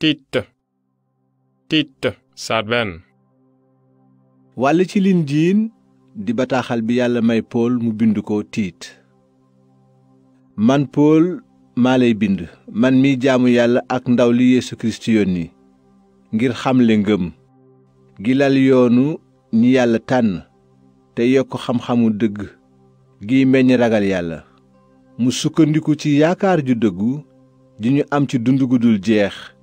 tiit tiit saar benn wàll ci lin jiin di bataaxal bi yàlla may pool mu bind ko tiit man pool maa lay bind man miy jaamu yàlla ak ndaw li yeesu kirist yónni ngir xamle ngëm gi lal yoonu ñi yàlla tànn te yokk xam-xamu dëgg giy meññ ragal yàlla mu sukkandiku ci yaakaar ju dëggu ji ñu am ci dund gu dul jeex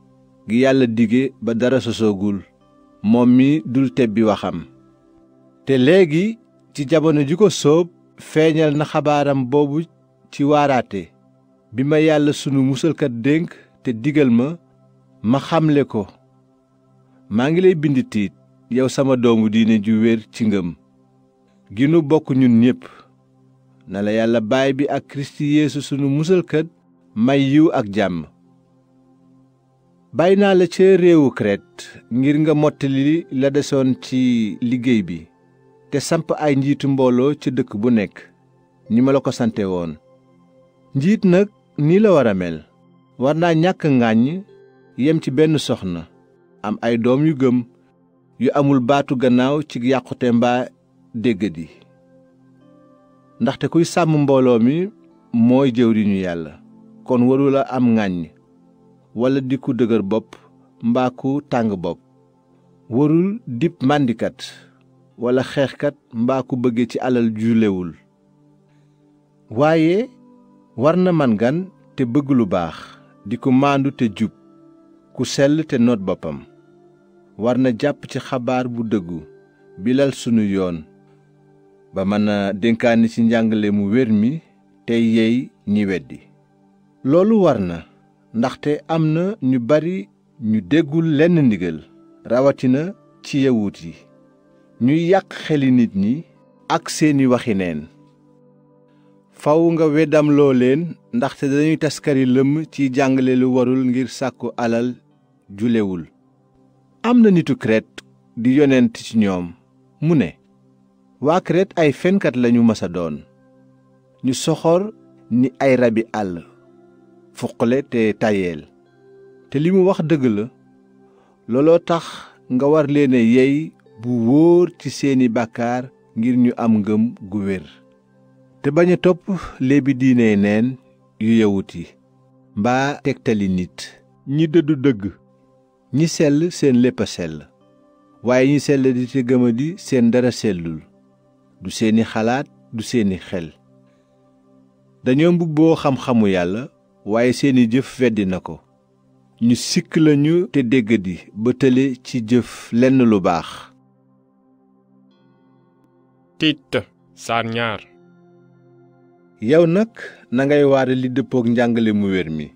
gi yàlla dige ba dara sosoogul moom mi dul tebbi waxam te léegi ci jamono ji ko sóob feeñal na xabaaram boobu ci waaraate bi ma yàlla sunu musalkat dénk te digal ma ma xamle ko maa ngi lay bind tiit yow sama doomu diine ju wér ci ngëm gi nu bokk ñun ñépp na la yàlla baay bi ak kirist yeesu sunu musalkat may yiw ak jàmm bàyyi naa la ci réewu Kret ngir nga mottali la desoon ci liggéey bi te samp ay njiitu mbooloo ca dëkk bu nekk ñi ma la ko sante woon njiit nag nii la war a mel war naa ñàkk ngàññ yem ci benn soxna am ay doom yu gëm yu amul baatu gannaaw ci yàqute mbaa déggadi ndaxte kuy sàmm mbooloo mi mooy jëwriñu yàlla kon warula am ngàññ walla di ku dëgër bopp mbaa ku tàng bopp warul dib màndikat walla xeexkat mbaa ku bëgge ci alal ju waaye war na man gan te bëgg lu baax di ku maandu te jub ku sell te noot boppam war na jàpp ci xabaar bu dëggu bilal sunu yoon ba mën a dénkaani ci njàngale mu wér mi tey yeey ñi weddi loolu war na ndaxte am na ñu bari ñu déggul lenn ndigal rawatina ci yawut yi ñuy yàq xeli nit ñi ak seeni waxi neen faw nga weddamloo leen ndaxte dañuy taskari lëmm ci jàngale lu warul ngir sàkku alal julewul am na nitu kret di yonent ci ñoom mu ne waa kret ay fenkat lañu masa doon ñu soxor ni ay rabi àll fuqale te tayeel te li mu wax dëgg la looloo tax nga war leen yey bu wóor ci seeni bàkkaar ngir ñu am ngëm gu wér te bañ a topp léebi diine neen yu yawut yi mbaa tegtali nit ñi dëddu dëgg ñi sell seen lépp a sell waaye ñi sell di te gëmadi seen dara sellul du seeni xalaat du seeni xel dañoo yàlla waaye seeni jëf weddi na ko ñu sikk lañu te déggadi ba tële ci jëf lenn lu baax tiit saar yow nag nangay waare li dëppook njàngale mu wér mi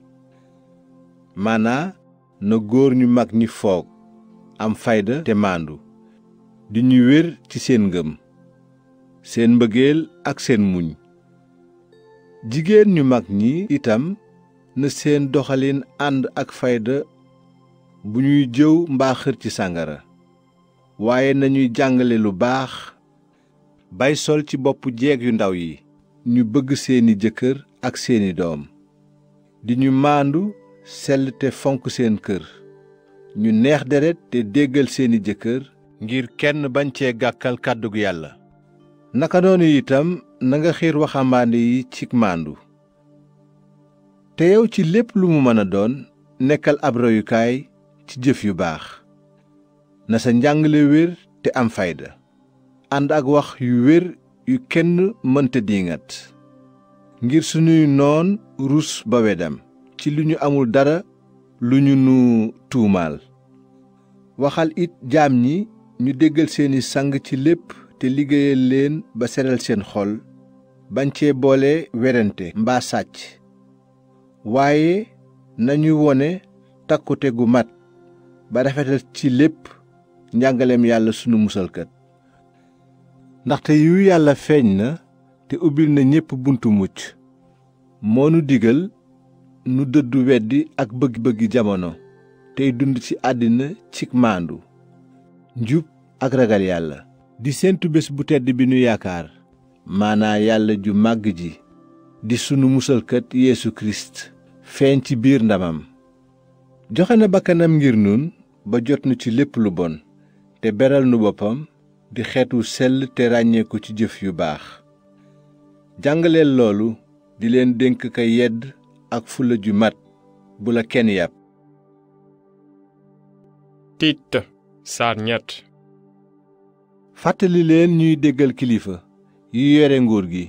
maanaa na góor ñu mag ñi foog am fayda te maandu di ñu wér ci seen ngëm seen mbëggeel ak seen muñ jigéen ñu mag ñi itam na seen doxalin ànd ak fayda bu ñuy jëw mbaa xër ci sàngara waaye nañuy jàngale lu baax bay sol ci boppu jeeg yu ndaw yi ñu bëgg seeni jëkkër ak seeni doom di ñu maandu sell te fonk seen kër ñu neex deret te déggal seeni jëkkër ngir kenn bañ cee gàkkal kàddu yàlla naka noonu itam nanga xiir waxambaane yi cig màndu te yow ci lépp lu mu mën a doon nekkal ab royukaay ci jëf yu baax na sa njàngale wér te am fayda ànd ak wax yu wér yu kenn mënta diingat ngir sunuy noon ruus ba wedam ci lu ñu amul dara lu ñu nu tuumaal waxal it jaam ñi ñu déggal seeni sang ci lépp te liggéeyal leen ba seral seen xol bañ cee boole werante mbaa sàcc waaye nañu wone takkute gu mat ba rafetal ci lépp njàngaleem yàlla sunu musalkat ndaxte yu yàlla feeñ na te ubbil na ñépp buntu mucc moo nu digal nu dëddu wedd ak bëgg-bëggi jamono tey dund ci àddina cig maandu njub ak ragal yàlla di séentu bés bu tedd bi nu yaakaar maanaa yàlla ju màgg ji di sunu musalkat yéesu Kirist feeñ ci biir ndamam joxe na bakkanam ngir nun ba jot nu ci lépp lu bon te beral nu boppam di xeetu sell te ràññeeku ci jëf yu baax jàngaleel loolu di leen dénk ka yedd ak fula ju mat bu la kenn yàpp Tit saar fàttali leen ñuy déggal kilifa yu yore nguur gi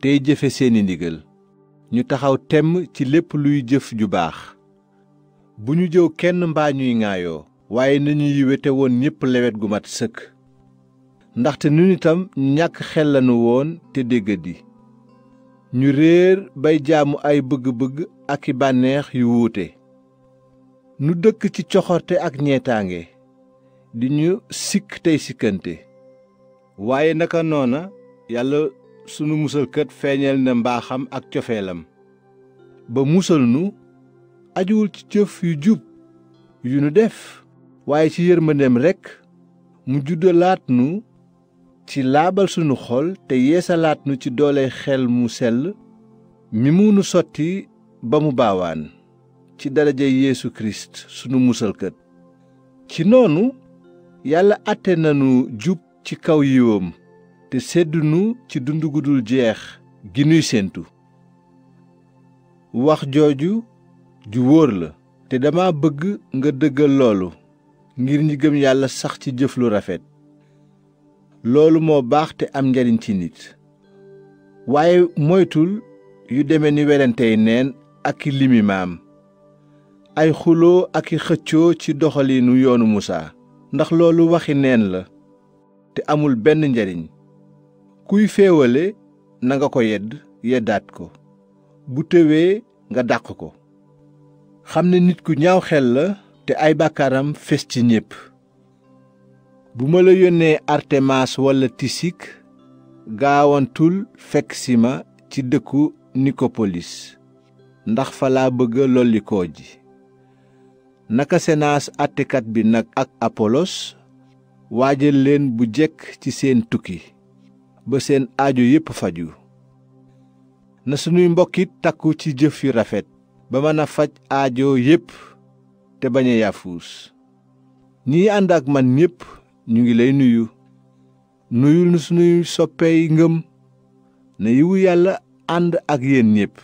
tey jëfe seeni ndigal ñu taxaw temm ci lépp luy jëf ju baax bu ñu jëw kenn mbaa ñuy ŋaayoo waaye nañu yiwete woon ñépp lewet gu mat sëkk ndaxte nun itam ñu ñàkk xel lanu woon te déggadi ñu réer bay jaamu ay bëgg-bëgg ak i bànneex yu wuute nu dëkk ci coxorte ak ñeetaange di ñu sikk tey sikkante waaye naka noona yàlla sunu musalkat feeñal na mbaaxam ak cofeelam ba musal nu ajuwul ci jëf yu jub yu nu def waaye ci yërmandeem rekk mu juddalaat nu ci laabal sunu xol te yeesalaat nu ci doole xel mu sell mi mu sotti ba mu baawaan ci daraja yéesu Kirist sunu musalkat ci noonu yàlla àtte nanu jub ci kaw yiwam te seddu ci dund gu jeex gi nuy séentu wax jooju ju wóor la te dama bëgg nga dëggal loolu ngir ñi yàlla sax ci jëf lu rafet loolu moo baax te am njariñ ci nit waaye moytul yu deme ni werantey neen ak i limi ay xuloo ak i xëccoo ci doxaliinu yoonu Musaa ndax loolu waxi neen la te amul benn njariñ kuy féewale na nga ko yedd yeddaat ko bu tëwee nga dàq ko xam ne nit ku ñaaw xel la te ay bàkkaaram fes ci ñépp bu ma la yónnee artemaas walla tisik gaawantul fekk si ci dëkku nikopolis ndax fa laa bëgga lollikoo ji naka senaas àttekat bi nag ak apolos waajal leen bu jekk ci seen tukki ba seen aajo yépp faju na sunuy mbokkit takku ci jëf yu rafet ba mën a faj aajo yépp te bañ a yaafuus ñii ànd ak man ñépp ñu ngi lay nuyu nuyul nu sunuy soppey ngëm na yiwu yàlla ànd ak yéen ñépp